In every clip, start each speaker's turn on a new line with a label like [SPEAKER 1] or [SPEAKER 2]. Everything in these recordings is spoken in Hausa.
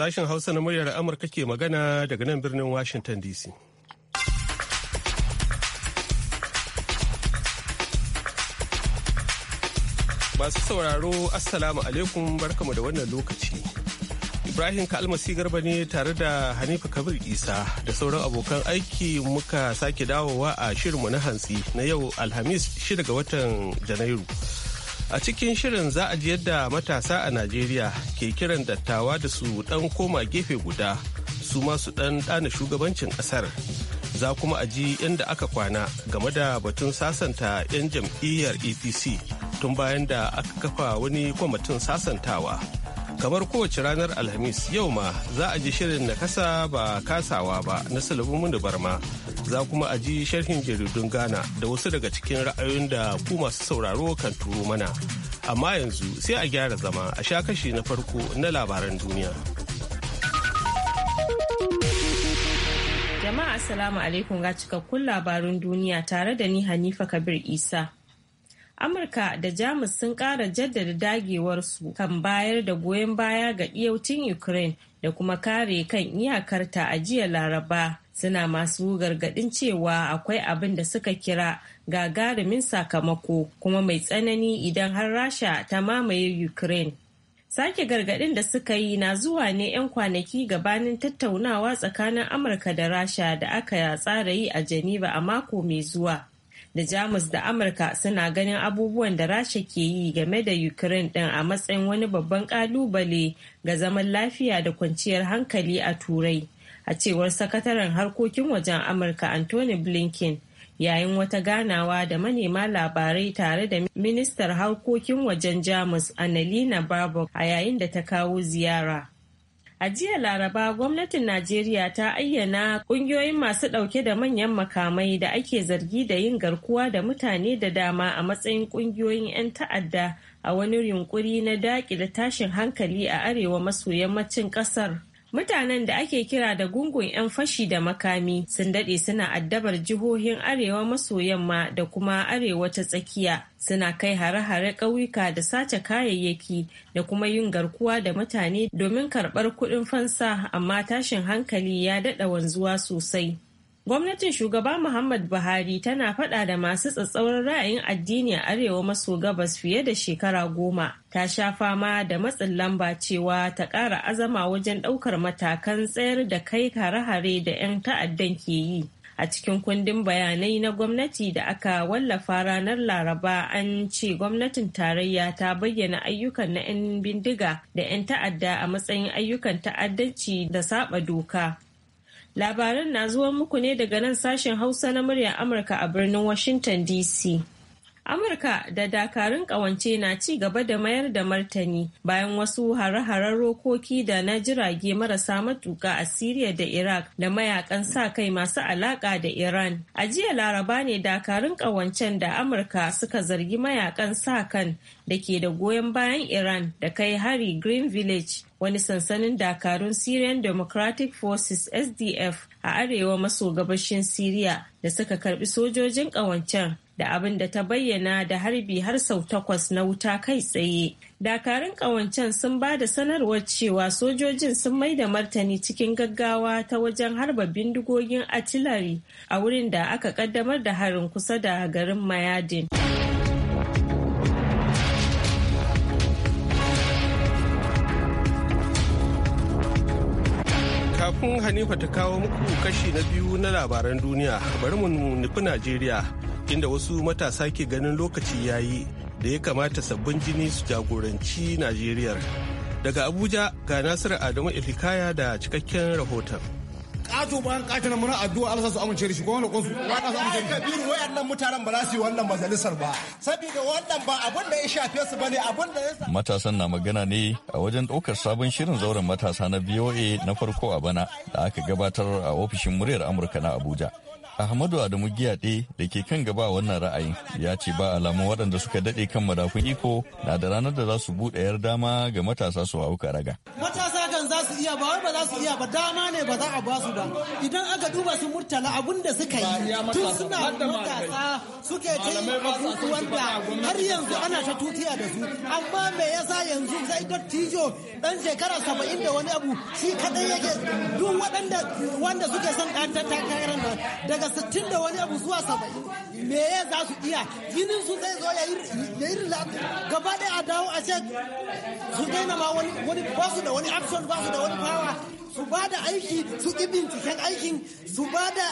[SPEAKER 1] Sashen Hausa na muryar Amurka ke magana daga nan birnin Washington DC. Masu sauraro Assalamu alaikum barkamu da wannan lokaci. Ibrahim Kalmasi Garba ne tare da Hanifa Kabir Isa da sauran abokan aiki muka sake dawowa a shirinmu na hantsi na yau Alhamis 6 ga watan Janairu. A cikin shirin za a ji yadda matasa a Najeriya ke kiran dattawa da su ɗan koma gefe guda su masu ɗan ɗana shugabancin ƙasar. Za kuma a ji yadda aka kwana game da batun sasanta 'yan jam'iyyar APC tun bayan da aka kafa wani kwamitin sasantawa. Kamar kowace ranar Alhamis yau ma za a ji shirin na kasa ba kasawa ba na Sulaimu Barma za kuma a ji sharhin jaridun Ghana da wasu daga cikin ra'ayoyin da ku masu sauraro kan turo mana. Amma yanzu sai a gyara zama a sha kashi na farko na labaran duniya.
[SPEAKER 2] Jama'a Assalamu alaikum ga cikakkun labarun duniya tare da ni Hanifa Kabir Isa. Amurka da Jamus sun ƙara jaddada dagewarsu kan bayar da goyon baya ga iyaucin Ukraine da kuma kare kan iyakarta a jiya Laraba suna masu gargaɗin cewa akwai abin da suka kira gagarumin sakamako kuma mai tsanani idan har rasha ta mamaye ukraine sake gargaɗin da suka yi na zuwa ne 'yan kwanaki gabanin tattaunawa tsakanin amurka da rasha da aka tsara yi a geneva a mako mai zuwa da jamus da amurka suna ganin abubuwan da rasha ke yi game da ukraine din a matsayin wani babban kalubale ga zaman lafiya da kwanciyar hankali a turai a cewar sakataren harkokin wajen amurka anthony blinken yayin wata ganawa da manema labarai tare da ministar harkokin wajen jamus annalina barbok a yayin da ta kawo ziyara a jiya laraba gwamnatin najeriya ta ayyana kungiyoyin masu ɗauke da manyan makamai da ake zargi da yin garkuwa da mutane da dama a matsayin kungiyoyin 'yan ta'adda a wani yunkuri na daƙile tashin hankali a arewa maso yammacin ƙasar Mutanen da ake kira da gungun 'yan fashi da makami sun daɗe suna addabar jihohin arewa maso yamma da kuma arewa ta tsakiya suna kai hare-hare ƙauyuka da sace kayayyaki da kuma yin garkuwa da mutane domin karɓar kuɗin fansa amma tashin hankali ya daɗa wanzuwa sosai. Gwamnatin shugaba Muhammad Buhari tana faɗa da masu tsatsauran ra'ayin addini a arewa maso gabas fiye da shekara goma. Ta sha fama da matsin lamba cewa ta ƙara azama wajen ɗaukar matakan tsayar da kai hare-hare da 'yan ta'addan ke yi. A cikin kundin bayanai na gwamnati da aka wallafa ranar Laraba an ce gwamnatin tarayya ta bayyana ayyukan na 'yan bindiga da 'yan ta'adda a matsayin ayyukan ta'addanci da saba doka. Labaran na zuwa muku ne daga nan sashen Hausa na muryar Amurka a birnin Washington DC. Amurka da dakarun kawance na ci gaba da mayar da martani bayan wasu hare-haren rokoki da na jirage marasa matuka a Siriya da Iraq da mayakan sa kai masu alaka da Iran. A jiya laraba ne dakarun kawancen da Amurka suka zargi mayakan sa kan da ke da goyon bayan Iran da kai hari Green Village wani sansanin dakarun Syrian Democratic Forces SDF a arewa maso gabashin Syria da suka karbi sojojin ƙawancen da abin da ta bayyana da harbi har sau takwas na wuta kai tsaye. Dakarun ƙawancen sun ba da sanarwar cewa sojojin sun mai da martani cikin gaggawa ta wajen harba bindigogin artillery a wurin da aka kaddamar da harin kusa da garin Mayadin.
[SPEAKER 1] Kun hanifa ta kawo muku kashi na biyu na labaran duniya bari mu nufi najeriya inda wasu matasa ke ganin lokaci ya yi da ya kamata sabbin jini su jagoranci najeriya daga abuja ga nasiru adamu ilikaya da cikakken rahoton
[SPEAKER 3] kato bayan kato na muna addu'a Allah su amince da shi ko wanda kunsu su amince da kabiru wayannan mutanen ba za su yi wannan majalisar ba saboda wannan ba abun da ya shafe su bane abun da ya
[SPEAKER 4] matasan na magana ne a wajen daukar sabon shirin zauren matasa na BOA na farko a bana da aka gabatar a ofishin muryar Amurka na Abuja Ahmadu Adamu Giyade da ke kan gaba wannan ra'ayin ya ce ba alamun waɗanda suka daɗe kan madafun iko na da ranar da za su buɗe yar dama ga matasa su hau raga.
[SPEAKER 3] iya ba wai ba za su iya ba dama ne ba za a ba su da idan aka duba su murtala abun da suka yi tun suna matasa suke
[SPEAKER 5] ta yi abubuwan har yanzu
[SPEAKER 3] ana ta tutiya da su amma me yasa yanzu sai tijo dan shekara saba'in da wani abu shi kadai yake duk waɗanda wanda suke son ɗan takarar nan daga sittin da wani abu zuwa saba'in me ya za su iya jinin su zai zo ya yi gaba da a dawo a ce su daina ma wani ba su da wani option ba su da wani karfawa su ba da aiki su ƙi binciken aikin su ba da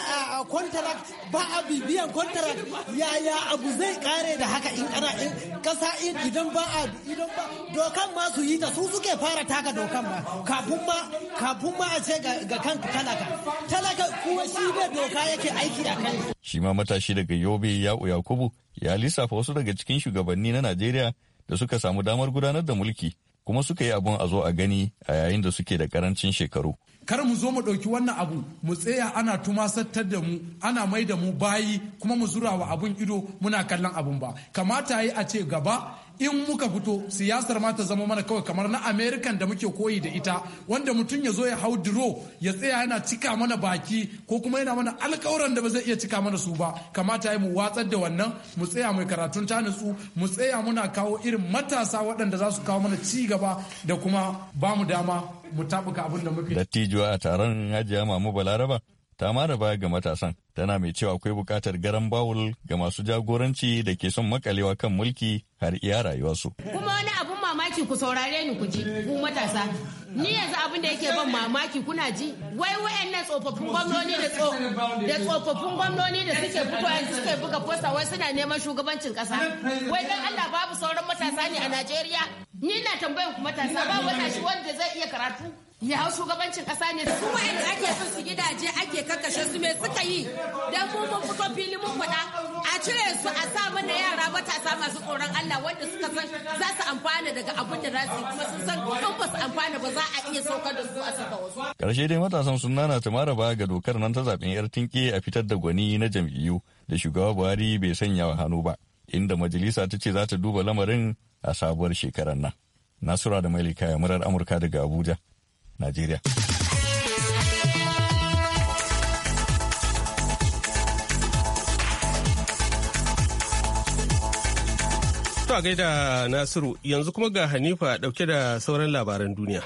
[SPEAKER 3] kontarak ba a bibiyan kontarak yaya abu zai kare da haka in kana in kasa in idan ba a idan ba dokan ma su yi ta su suke fara taka dokan ma kafin ma a ce ga kan talaka talaka kuma shi ne doka yake aiki a kai
[SPEAKER 4] shi ma matashi daga yobe ya yakubu ya lissafa wasu daga cikin shugabanni na najeriya da suka samu damar gudanar da mulki kuma suka yi abun a zo a gani a yayin da suke da karancin shekaru
[SPEAKER 6] kar mu zo mu ɗauki wannan abu mu tsaya ana tumasattar da mu ana mai da mu bayi kuma mu zura wa abun ido muna kallon abun ba kamata yi a ce gaba in muka fito siyasar ma ta zama mana kawai kamar na american da muke koyi da ita wanda mutum ya zo ya hau duro ya tsaya yana cika mana baki ko kuma yana mana alkawuran da ba zai iya cika mana su ba kamata yi mu watsar da wannan mu tsaya mai karatun ta nutsu mu tsaya muna kawo irin matasa waɗanda za su kawo mana ci gaba da kuma ba mu dama mu tabuka abin da muke.
[SPEAKER 4] Dattijuwa a taron Hajiya Mamu Balaraba ta mara baya ga matasan tana mai cewa akwai bukatar garan bawul ga masu jagoranci da ke son makalewa kan mulki har iya rayuwarsu.
[SPEAKER 2] Kuma wani abun mamaki ku saurare ni ku ji ku matasa. Ni yanzu abin da yake ban mamaki kuna ji wai wayannan tsofaffin gwamnoni da tsofaffin gwamnoni da suke fitowa suke buga posta wai suna neman shugabancin kasa. Wai dan Allah babu sauran matasa ne a Najeriya. Ni na tambayar ku matasa ba shi wanda zai iya karatu ya hau shugabancin kasa ne su wa'anda ake son su gidaje ake kakashe su me suka yi dan mu mun fito fili mun a cire su a sa mana yara matasa masu tsoron Allah wanda suka san za su amfana daga abin da za kuma sun san kan ba su amfana ba za a iya saukar da su a saka wasu
[SPEAKER 4] karshe dai matasan sun nana mara ba ga dokar nan ta zaben yar tinke a fitar da gwani na jam'iyyu da shugaba Buhari bai sanya wa hannu ba inda majalisa ta ce za ta duba lamarin a sabuwar shekarar nan Nasura da Mailika ya murar Amurka daga Abuja. Najeriya.
[SPEAKER 1] To gaida Nasiru yanzu kuma ga Hanifa dauke da sauran labaran duniya.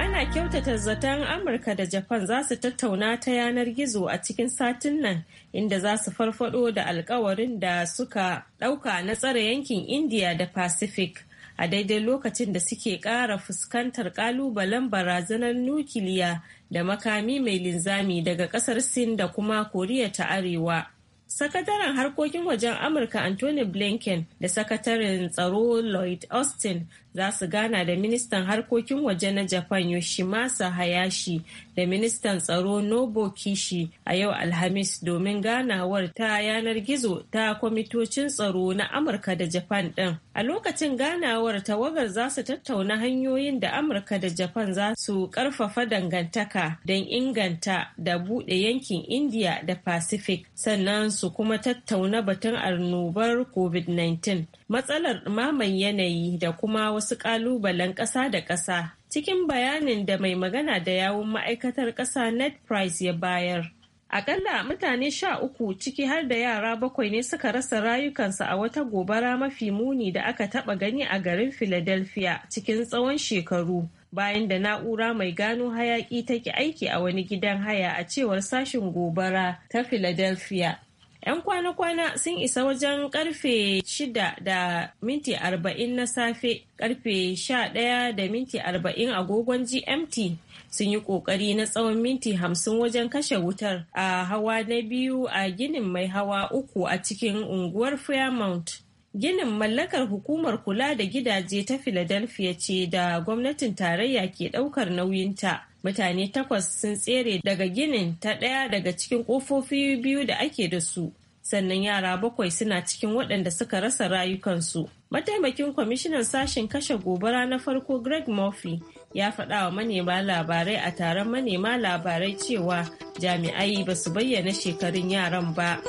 [SPEAKER 2] Ana kyautata zaton Amurka da Japan za su tattauna ta yanar gizo a cikin satin nan inda za su farfado da alkawarin da suka ɗauka na tsare yankin India da Pacific. a daidai lokacin da suke ƙara fuskantar ƙalubalen barazanar nukiliya da makami mai linzami daga ƙasar sin da kuma koriya ta arewa sakataren harkokin wajen amurka anthony blinken da sakataren tsaro lloyd austin za su gana da ministan harkokin waje na japan yoshimasa hayashi da ministan tsaro nobo kishi a yau alhamis domin ganawar ta yanar gizo ta kwamitocin tsaro na amurka da japan din. a lokacin ganawar tawagar za su tattauna hanyoyin da amurka da japan za su karfafa dangantaka don inganta da buɗe yankin india da pacific sannan su kuma tattauna batun annobar covid-19 matsalar ɗumaman yanayi da kuma wasu ƙalubalen ƙasa da ƙasa cikin bayanin da mai magana da yawun ma'aikatar ƙasa net price ya bayar akalla mutane sha uku ciki har da yara bakwai ne suka rasa rayukansu a wata gobara mafi muni da aka taɓa gani a garin philadelphia cikin tsawon shekaru bayan da na'ura mai gano hayaki take aiki a wani gidan haya a cewar sashin gobara ta philadelphia 'yan kwana-kwana sun isa wajen karfe 6 da minti 40 na safe karfe 11 da minti 40 agogon gmt sun yi kokari na tsawon minti 50 wajen kashe wutar a hawa na biyu a ginin mai hawa uku a cikin unguwar fairmount ginin mallakar hukumar kula da gidaje ta philadelphia ce da gwamnatin tarayya ke daukar nauyinta. mutane takwas sun tsere daga ginin ta ɗaya daga cikin ƙofofi biyu da ake da su sannan yara bakwai suna cikin waɗanda suka rasa rayukansu mataimakin kwamishinan sashen kashe gobara na farko greg murphy ya faɗa wa manema labarai a taron manema labarai cewa jami'ai ba su bayyana shekarun yaran ba.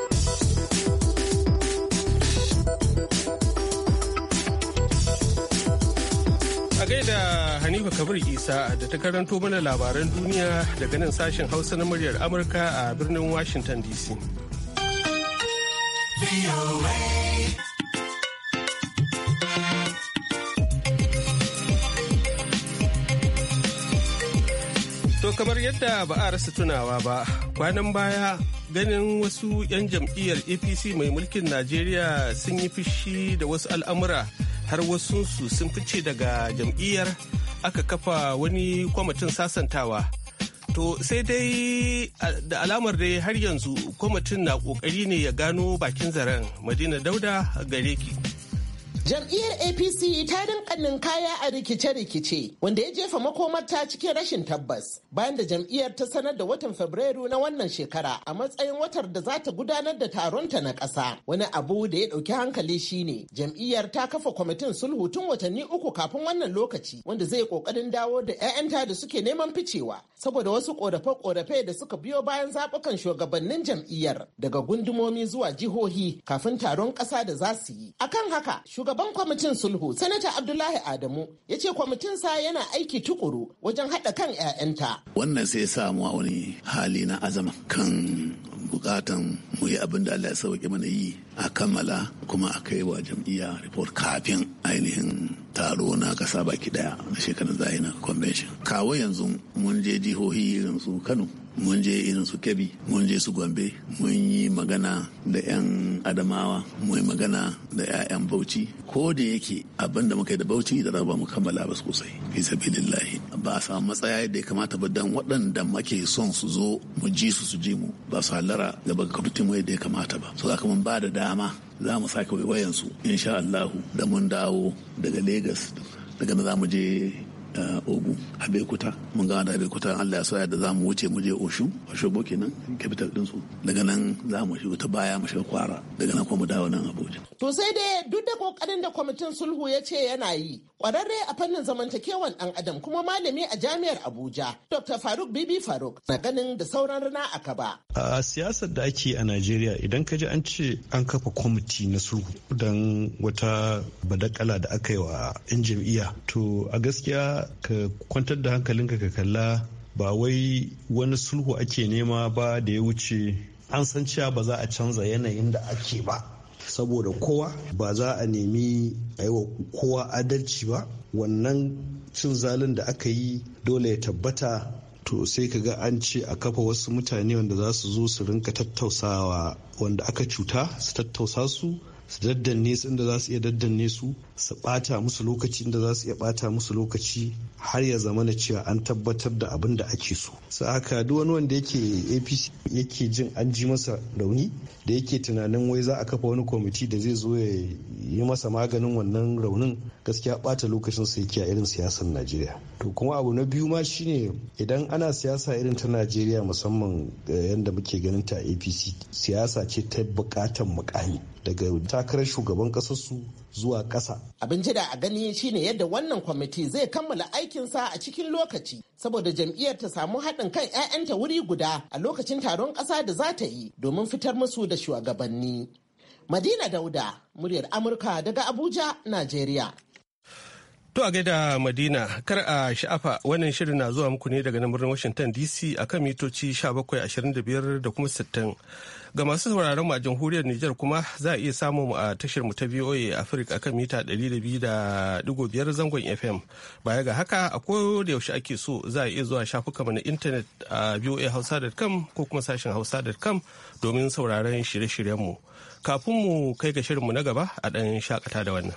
[SPEAKER 1] A gaida Hanifa Kabir Isa da ta karanto mana labaran duniya daga nan sashen Hausa na muryar Amurka a birnin Washington DC. To kamar yadda ba a rasa tunawa ba, kwanan baya ganin wasu 'yan jam'iyyar APC mai mulkin Najeriya sun yi fushi da wasu al'amura. har wasu sun fice daga jam'iyyar aka kafa wani kwamitin sasantawa to sai dai da alamar dai har yanzu kwamitin na kokari ne ya gano bakin zaren madina dauda gare ki.
[SPEAKER 3] Jam'iyyar APC ta dinkannin kaya a rikice-rikice wanda ya jefa makomarta cikin rashin tabbas bayan da jam'iyyar ta sanar da watan Fabrairu na wannan shekara a matsayin watar da za ta gudanar da taronta na ƙasa. Wani abu da ya ɗauki hankali shine jam'iyyar ta kafa kwamitin sulhu tun watanni uku kafin wannan lokaci wanda zai ƙoƙarin dawo da 'ya'yanta da suke neman ficewa saboda wasu ƙorafe-ƙorafe da suka biyo bayan zaɓukan shugabannin jam'iyyar daga gundumomi zuwa jihohi kafin taron ƙasa da za su yi. Akan haka shugaban Shugaban kwamitin sulhu, Sanata Abdullahi Adamu, ya ce kwamitinsa yana aiki tukuru wajen haɗa kan
[SPEAKER 7] 'ya'yanta. Wannan sai sa mu wani hali na azama kan bukatan mu yi abin da Allah ya sauke mana yi a kammala kuma a kai wa jam'iyya report kafin ainihin taro na kasa baki daya na shekarar zahina convention kawo yanzu mun je jihohi irin su kano mun je irin su kebbi mun je su gombe mun yi magana da 'yan adamawa mun yi magana da 'ya'yan bauchi ko da yake abin da muka yi da bauchi da raba mu kammala ba sosai fi bilillahi. ba a samu matsaya yadda ya kamata ba dan waɗanda muke son su zo mu ji su su ji mu ba su hallara gaba ga kwamitin yadda ya kamata ba so zaka mun ba da dama za mu sake wayansu insha Allahu da mun dawo daga Legas daga na za mu je ogu a bekuta mun gana da bekuta allah ya sa yadda za mu wuce mu je oshun oshobo kenan capital din su daga nan za mu shigo ta baya mu shiga kwara daga nan kuma mu dawo nan abuja
[SPEAKER 3] to sai dai duk da kokarin da kwamitin sulhu ya ce yana yi kwararre a fannin zamantakewan dan adam kuma malami a jami'ar abuja dr faruk bibi faruk na ganin da sauran rana a kaba
[SPEAKER 8] a siyasar da ake a najeriya idan ka ji an ce an kafa kwamiti na sulhu don wata badakala da aka yi wa 'yan jam'iyya to a gaskiya ka kwantar da hankalinka ka kalla ba wai wani sulhu ake nema ba da ya wuce an san cewa ba za a canza yanayin da ake ba saboda kowa ba za a nemi a kowa adalci ba wannan cin zalin da aka yi dole ya tabbata to sai ka ga an ce a kafa wasu mutane wanda za su zo su rinka tattausawa wanda aka cuta su tattausa su su daddanne su inda za su iya daddanne su su ɓata musu lokaci da za su iya bata musu lokaci har ya zama na cewa an tabbatar da abin da ake so su haka duk wani wanda yake apc yake jin an ji masa rauni da yake tunanin wai za a kafa wani kwamiti da zai zo ya yi masa maganin wannan raunin gaskiya ɓata lokacin su yake a irin siyasar najeriya to kuma abu na biyu ma shine idan ana siyasa irin ta najeriya musamman eh, yadda muke ganin ta apc siyasa ce ta bukatan mukami daga takarar shugaban kasarsu zuwa ƙasa.
[SPEAKER 3] Abin jira a gani shine yadda wannan kwamiti zai kammala aikinsa a cikin lokaci saboda jam'iyyar ta samu haɗin kan 'ya'yanta wuri guda a lokacin taron ƙasa da za ta yi domin fitar musu da shugabanni. Madina Dauda, muryar Amurka daga Abuja, Najeriya.
[SPEAKER 1] To a gaida Madina, kar a sha'afa wannan shirin na zuwa muku ne daga nan birnin Washington DC a kan mitoci 1725 da kuma 60. Ga masu sauraron a jamhuriyar Nijar kuma za a iya samu mu a tashar mu ta VOA Africa akan mita 200.5 zangon FM. Baya ga haka a da yaushe ake so za a iya zuwa shafukanmu na intanet a voahausa.com ko kuma sashen hausa.com domin sauraron shirye-shiryenmu. Kafin mu kai ga shirinmu na gaba a ɗan shakata da wannan.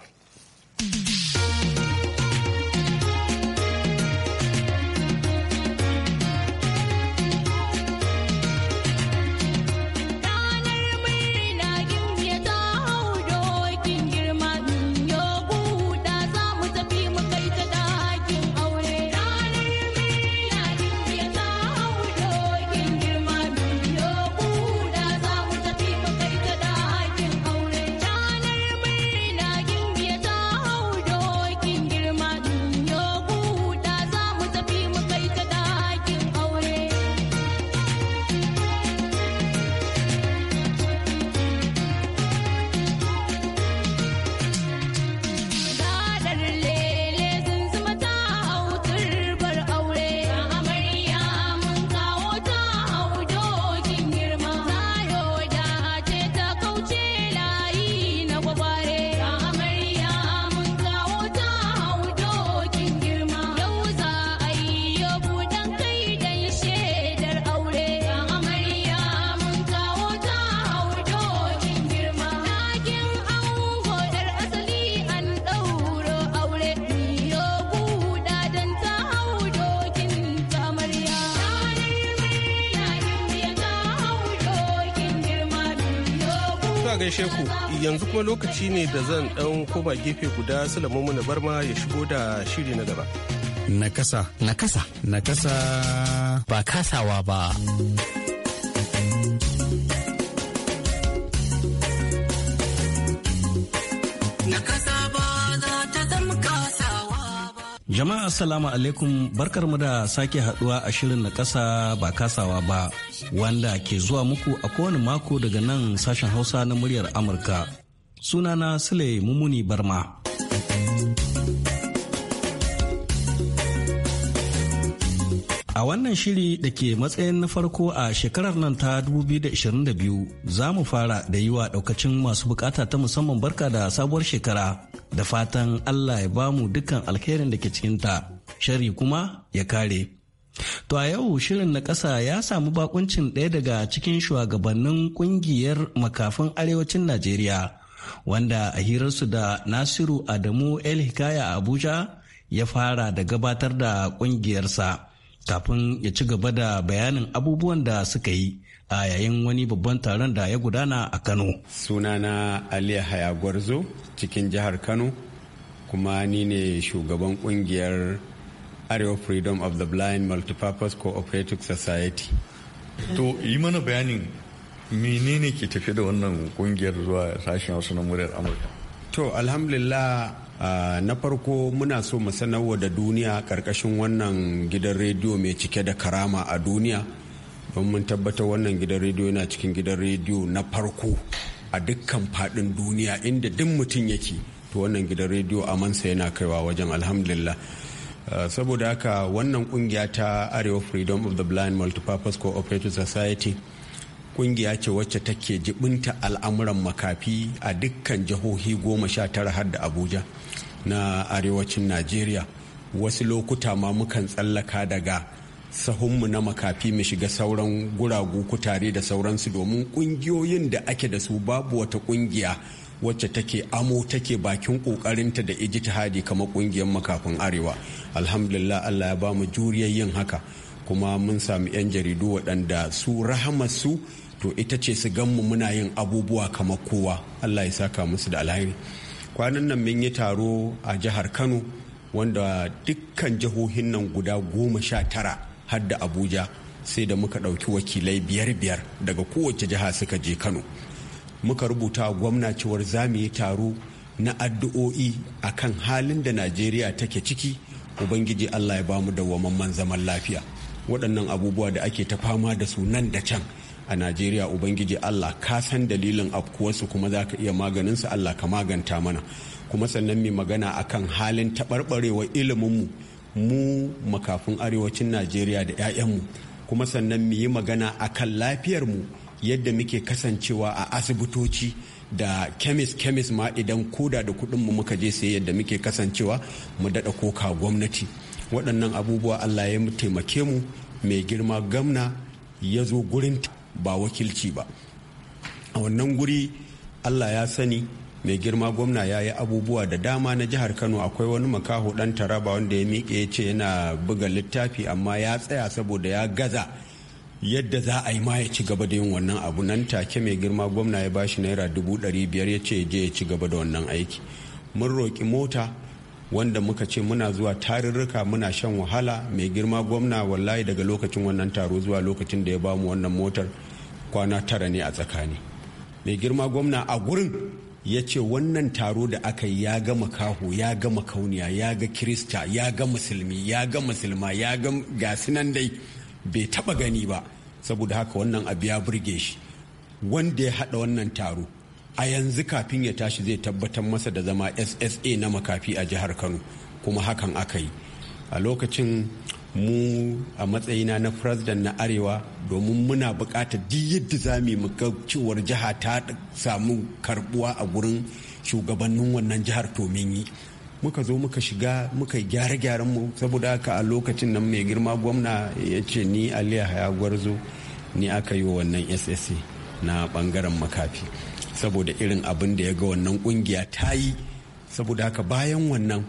[SPEAKER 1] gaishe ku yanzu kuma lokaci ne da zan dan koma gefe guda Sulaiman na barma ya shigo da shiri na gaba.
[SPEAKER 8] Nakasa. Nakasa. Nakasa. Ba kasawa ba.
[SPEAKER 5] Jama'a Assalamu alaikum barkar mu da sake haduwa a shirin na kasa ba kasawa ba. wanda ke zuwa muku a kowane mako daga nan sashen Hausa na muryar Amurka. Sunana Sule Mumuni Barma. A wannan shiri da ke matsayin na farko a shekarar nan ta 2022 za mu fara da yi wa daukacin masu bukata ta musamman barka da sabuwar shekara da fatan Allah ya bamu dukkan alkhairin da ke cikinta, shari kuma ya kare. To a yau shirin na ƙasa ya samu bakuncin ɗaya daga cikin shugabannin ƙungiyar makafin arewacin Najeriya, wanda a hirarsu da Nasiru Adamu El Hikaya a Abuja ya fara da gabatar da ƙungiyarsa kafin ya ci gaba da bayanin abubuwan da suka yi. a yayin wani babban taron da ya gudana a Kano. Sunana Ali Haya cikin jihar Kano
[SPEAKER 6] kuma ni ne shugaban ƙungiyar. arewa freedom of the blind
[SPEAKER 4] multipurpose cooperative society to yi mana bayanin menene ke tafi da wannan kungiyar zuwa sashen wasu na muryar amurka
[SPEAKER 6] to alhamdulillah uh, na farko muna so mu sanarwa da duniya karkashin wannan gidan rediyo mai cike da karama a duniya don mun tabbatar wannan gidan rediyo yana cikin gidan rediyo na farko a dukkan faɗin duniya inda duk mutum yake to wannan gidan rediyo amansa yana kaiwa wajen alhamdulillah Uh, saboda haka wannan kungiya ta arewa freedom of the blind multipurpose cooperative society kungiya ce wacce take jibinta al'amuran makafi a dukkan jihohi goma sha tara har da abuja na arewacin najeriya wasu lokuta ma mukan tsallaka daga sahunmu na makafi mu shiga sauran guragu kutare da sauransu domin kungiyoyin da ake da su babu wata kungiya wacce take amo take bakin kokarinta da ijtihadi kamar kungiyar makafin arewa alhamdulillah allah ya ba mu juriyar yin haka kuma mun sami 'yan jaridu waɗanda su rahamarsu to ita ce su ganmu muna yin abubuwa kamar kowa allah ya saka musu da alhairi kwanan nan mun yi taro a jihar kano wanda dukkan jihohin nan guda goma sha tara har da abuja sai da muka ɗauki wakilai biyar biyar daga kowace jiha suka je kano muka rubuta gwamna cewar za mu yi taro na addu'o'i a kan halin da najeriya take ciki ubangiji allah ya bamu dawwamamman zaman lafiya waɗannan abubuwa da ake ta fama da su nan da can a najeriya ubangiji allah ka san dalilin afkuwarsu kuma za ka iya maganinsu allah ka maganta mana kuma sannan mai magana a kan halin taɓarɓarewa iliminmu mu makafin arewacin najeriya da 'ya'yanmu kuma sannan mu yi magana a akan lafiyarmu yadda muke kasancewa a asibitoci da kemis kemis ma idan koda da kuɗin mu muka je sai yadda muke kasancewa mu daɗa koka gwamnati waɗannan abubuwa allah ya taimake mu mai girma gamna ya zo gurin ba wakilci ba a wannan guri allah ya sani mai girma gwamna ya yi abubuwa da dama na jihar kano akwai wani makaho dan taraba wanda ya miƙe ya ce yana buga littafi amma ya tsaya saboda ya gaza yadda za a yi ma ya ci gaba da yin wannan abu nan take mai girma gwamna ya bashi naira dubu ɗari biyar ya ce je ya ci gaba da wannan aiki mun roƙi mota wanda muka ce muna zuwa tarurruka muna shan wahala mai girma gwamna wallahi daga lokacin wannan taro zuwa lokacin da ya bamu wannan motar kwana tara ne a tsakani mai girma gwamna a gurin ya ce wannan taro da aka yi ya ga makaho ya ga makauniya ya ga kirista ya ga musulmi ya ga musulma ya ga gasinan dai bai taba gani ba saboda haka wannan abu ya burge shi wanda ya haɗa wannan taro a yanzu kafin ya tashi zai tabbatar masa da zama ssa na makafi a jihar kano kuma hakan aka yi a lokacin mu a matsayina na president na arewa domin muna bukatar duk yadda za mu ga cewar jiha ta samu karbuwa a gurin shugabannin wannan jihar domin yi muka zo muka shiga muka gyara gyaran mu saboda haka a lokacin nan mai girma gwamna ya ce ni aliya haya gwarzo ni aka yi wannan ssa na bangaren makafi saboda irin abin da ya ga wannan kungiya ta yi saboda haka bayan wannan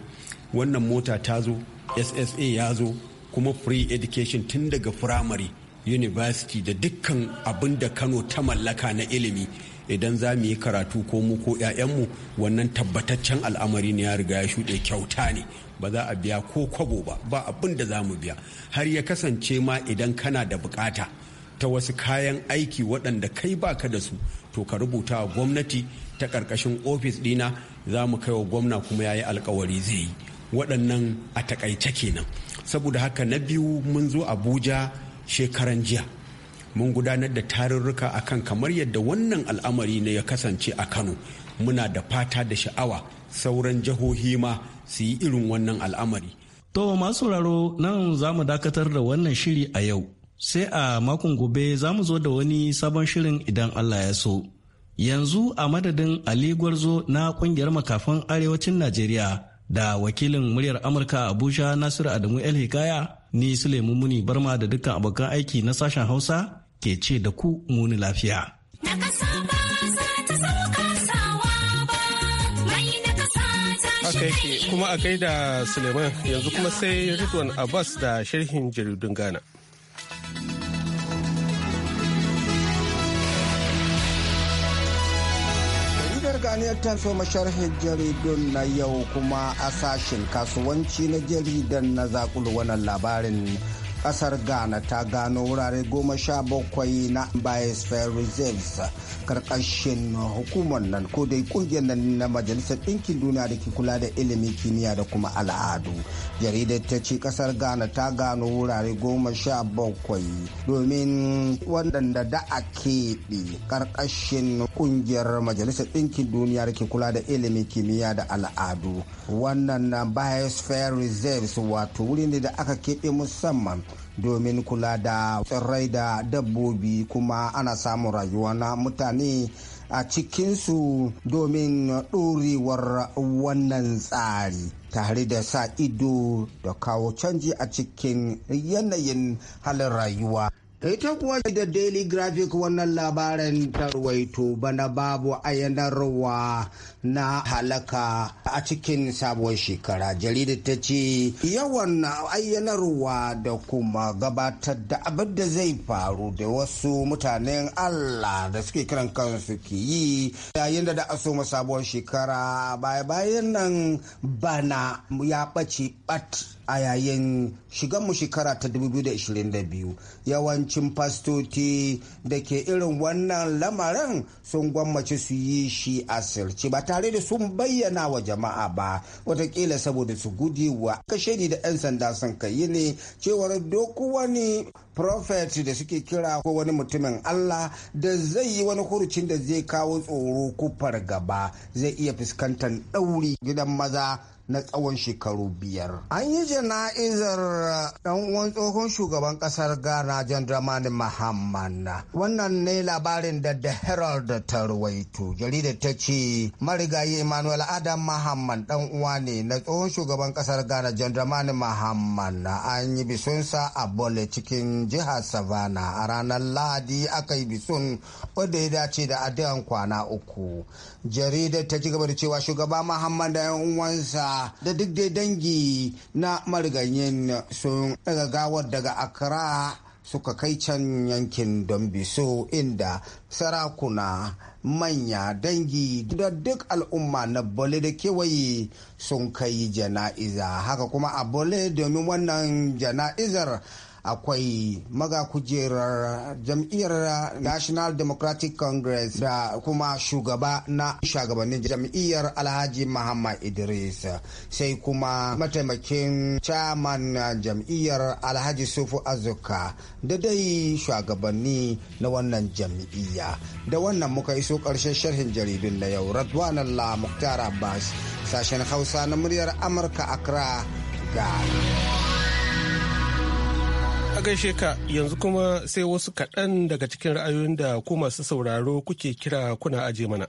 [SPEAKER 6] wannan mota ta zo ssa ya zo kuma free education tun daga firamare university da dukkan abin da kano ta mallaka na ilimi idan za mu yi karatu ko mu ko 'ya'yanmu wannan tabbataccen al'amari ne ya riga ya shuɗe kyauta ne ba za a biya ko kwabo ba ba abin da za mu biya har ya kasance ma idan kana da bukata ta wasu kayan aiki waɗanda kai baka da su to ka rubuta wa gwamnati ta ƙarƙashin ofis ɗina za mu kai wa gwamna kuma ya yi alkawari zai yi waɗannan a taƙaice kenan saboda haka na biyu mun zo abuja shekaran jiya mun gudanar da tarurruka akan kamar yadda wannan al'amari ne ya kasance a kano muna da fata da sha'awa sauran jihohi
[SPEAKER 5] ma su yi irin wannan al'amari to masu sauraro nan za mu dakatar da wannan shiri a yau sai a makon gobe za mu zo da wani sabon shirin idan allah ya so yanzu a madadin ali gwarzo na kungiyar makafan arewacin najeriya da wakilin muryar amurka abuja nasiru adamu el hikaya ni suleiman muni barma da dukkan abokan aiki na sashen hausa ke ce da ku muni lafiya.
[SPEAKER 9] kuma
[SPEAKER 1] a gaida suleiman yanzu kuma sai ridwan abbas da sharhin jaridun ghana
[SPEAKER 10] ganiyar ta soma sharhin jaridun na yau kuma a sashen kasuwanci na jaridan na zakulu wannan labarin kasar ghana ta gano wurare goma sha bakwai na biosphere reserves karkashin hukumar nan ko dai kungiyar nan na majalisar ɗinkin duniya da ke kula da ilimin kimiyya da kuma al'adu jaridar ta ce kasar ghana ta gano wurare goma sha bakwai domin waɗanda da a keɓe karkashin kungiyar majalisar ɗinkin duniya da ke kula da ilimin kimiyya da al'adu wannan biosphere reserves wato wuri ne da aka keɓe musamman domin kula da tsirrai da dabbobi kuma ana samun rayuwa na mutane a cikinsu domin ɗorewar wannan tsari tare da sa ido da kawo canji a cikin yanayin halin rayuwa ita kuwa da daily graphic wannan labarin ta tarwaito bana babu ayanarwa na halaka a cikin sabuwar shekara jarida ta ce yawan ayyanarwa da kuma gabatar da abin da zai faru da wasu mutanen allah da suke kiran kansu ke yi yayin da da aso sabuwar shekara baya-bayan nan bana ya ɓace ɓat a yayin shiganmu shekara ta 2022 yawancin fastoci da ke irin wannan lamarin sun gwammace su yi shi a sirci ba tare da sun bayyana wa jama'a ba watakila saboda su gudi wa kashe ni da 'yan sanda sun yi ne cewar duk wani prophet da suke kira ko wani mutumin Allah da zai yi wani hurucin da zai kawo tsoro kufar gaba zai iya fuskantar ɗauri gidan maza na tsawon shekaru biyar. An yi jana'izar uh, ɗan uwan tsohon shugaban ƙasar Ghana John Dramani Mahamman. Wannan ne labarin da The Herald ta ruwaito. Jaridar ta ce marigayi Emmanuel Adam Mahamman ɗan uwa ne na tsohon shugaban ƙasar Ghana John Dramani Mahamman. An yi bisunsa a Bole cikin jihar Savannah a ranar Lahadi aka yi bisun wanda ya dace da adiyan kwana uku. jaridar ta ci gaba da cewa shugaba muhammad da yan uwansa da duk dai dangi na marigayin sun daga gawar daga accra suka kai can yankin don biso inda sarakuna manya dangi da duk al'umma na bole da kewaye sun kai jana'iza haka kuma a bole domin wannan jana'izar akwai magakujerar jam'iyyar national democratic congress da kuma shugaba na shugabannin jam'iyyar alhaji muhammad idris sai kuma mataimakin chairman jam'iyyar alhaji sufu azuka da dai shugabanni na wannan jam'iyya da wannan muka iso karshen sharhin jaridun na yau radwanallah muktar abbas sashen hausa na muryar amurka accra ga
[SPEAKER 1] a gaishe ka yanzu kuma sai wasu kaɗan daga cikin ra'ayoyin da ku masu sauraro kuke kira kuna aje mana.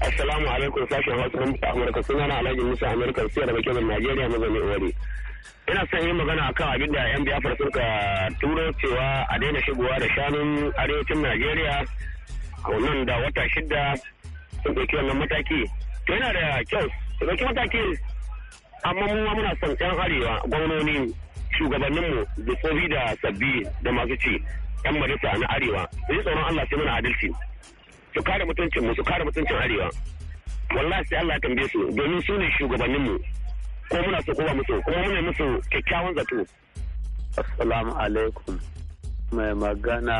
[SPEAKER 7] Assalamu alaikum sashen Hausa na Amurka suna na Alhaji Musa Amurka siya da bakin Najeriya mazauni Ori. Ina son yin magana a kan abin da 'yan biyafar suka
[SPEAKER 6] turo cewa a daina shigowa da shanun arewacin Najeriya a nan da wata shidda sun ɗauki wannan mataki. To yana da kyau su ɗauki mataki amma mu muna son yan arewa gwamnoni shugabanninmu da sobi da sabbi da masu ci yan majalisa na arewa su yi tsoron Allah sai muna adalci su kare mutuncin mu su kare mutuncin arewa wallahi sai Allah tambaye su domin su ne shugabanninmu ko muna so ko ba musu kuma muna musu kyakkyawan zato assalamu alaikum mai magana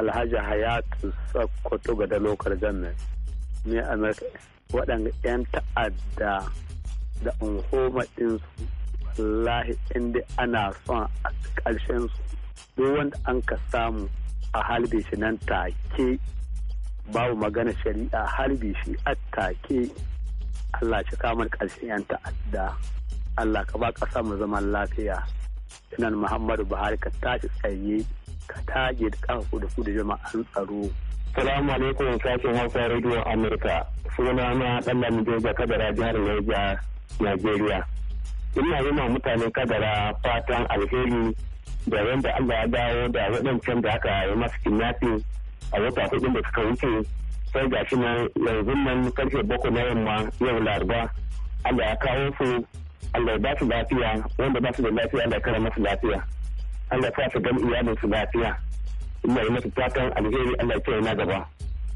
[SPEAKER 6] alhaji hayatu sakkwato ga dalokar lokar ne a waɗanda 'yan ta'adda da unhoma ɗinsu wallahi inda ana son a ƙarshen su duk wanda an ka samu a halbe shi nan take babu magana shari'a halbe shi a take Allah shi kamar ƙarshen 'yan ta'adda Allah ka ba ka mu zaman lafiya sunan Muhammadu Buhari
[SPEAKER 8] ka tashi tsaye ka tage da ƙafa da ku da jama'an tsaro. Salamu alaikum
[SPEAKER 3] sashen Hausa Radio Amurka. Suna na ɗan Lamijo Jakadara jihar Niger. Najeriya. Ina yana mutane kadara fatan alheri da wanda Allah ya dawo da waɗancan da aka yi masu kidnapping a wata hudun da suka wuce sai ga shi nan yanzu nan karfe boko na yamma yau laraba Allah ya kawo su Allah ya ba su lafiya wanda ba su da lafiya Allah ya kara masu lafiya Allah ya su gan su lafiya ina yi masu fatan alheri Allah ya kiyaye na gaba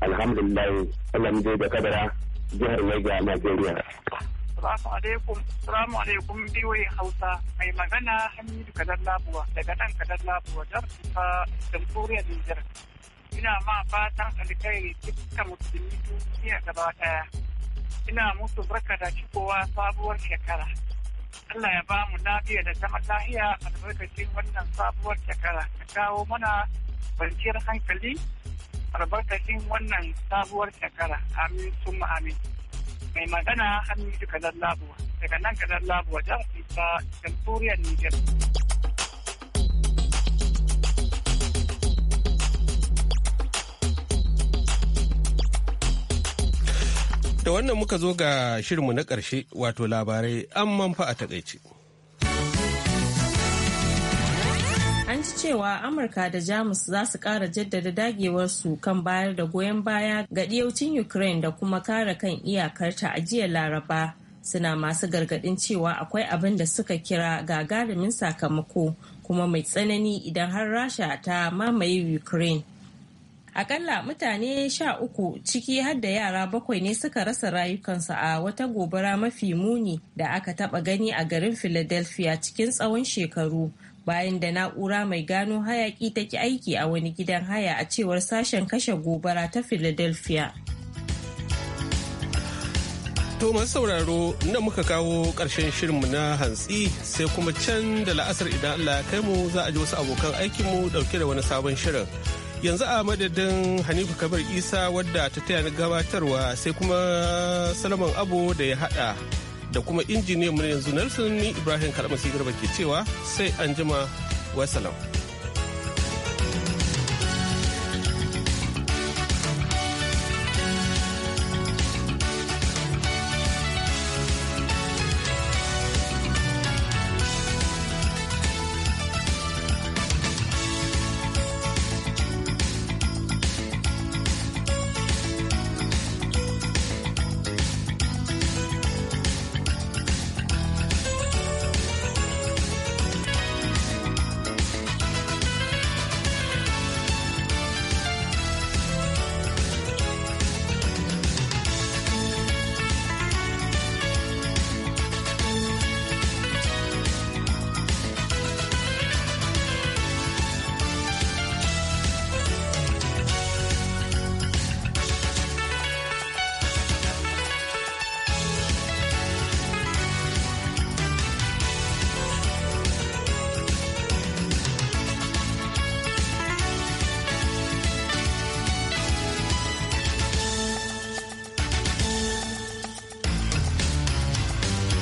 [SPEAKER 3] alhamdulillah Allah mu je da kadara jihar Niger Najeriya
[SPEAKER 10] Assalamu alaikum, Assalamu alaikum biyoyin Hausa. Mai magana Hamidu Kadar Labuwa daga nan Kadar Labuwa don ta Jamhuriyar Nijar. Ina ma fatan alkhairi dukkan musulmi duniya gaba ɗaya. Ina musu barka da cikowa sabuwar shekara. Allah ya ba mu lafiya da zama lahiya albarkacin wannan sabuwar shekara. Ka kawo mana kwanciyar hankali albarkacin wannan sabuwar shekara. Amin summa amin. mai magana da kanan labuwa, daga nan kanan labuwa jan fita jamhuriyar niger
[SPEAKER 1] da wannan muka zo ga shirinmu na ƙarshe wato labarai an manfa a takaice.
[SPEAKER 2] An ji cewa Amurka da Jamus za su kara jaddada dagewarsu kan bayar da goyon baya ga ɗiyaucin Ukraine da kuma kare kan iyakarta a jiya Laraba. Suna masu gargaɗin cewa akwai abin da suka kira gagarumin sakamako kuma mai tsanani idan har Rasha ta mamaye Ukraine. Akalla mutane sha uku ciki har da yara bakwai ne suka rasa rayukansu a wata gobara mafi muni da aka taba gani a garin Philadelphia cikin tsawon shekaru. bayan da na'ura mai gano hayaki ki aiki a wani gidan haya a cewar sashen kashe gobara ta Philadelphia.
[SPEAKER 1] To masu sauraro nan muka kawo ƙarshen shirinmu na hantsi sai kuma can da la'asar idan Allah ya kai mu za a ji wasu abokan aikinmu dauke da wani sabon shirin. yanzu a madadin hanifu kabir isa wadda ta taya gabatarwa sai kuma salaman abu da ya haɗa. da kuma injiniyan mu yanzu Nelson ni Ibrahim Kalamasi Garba ke cewa sai an jima wasalam.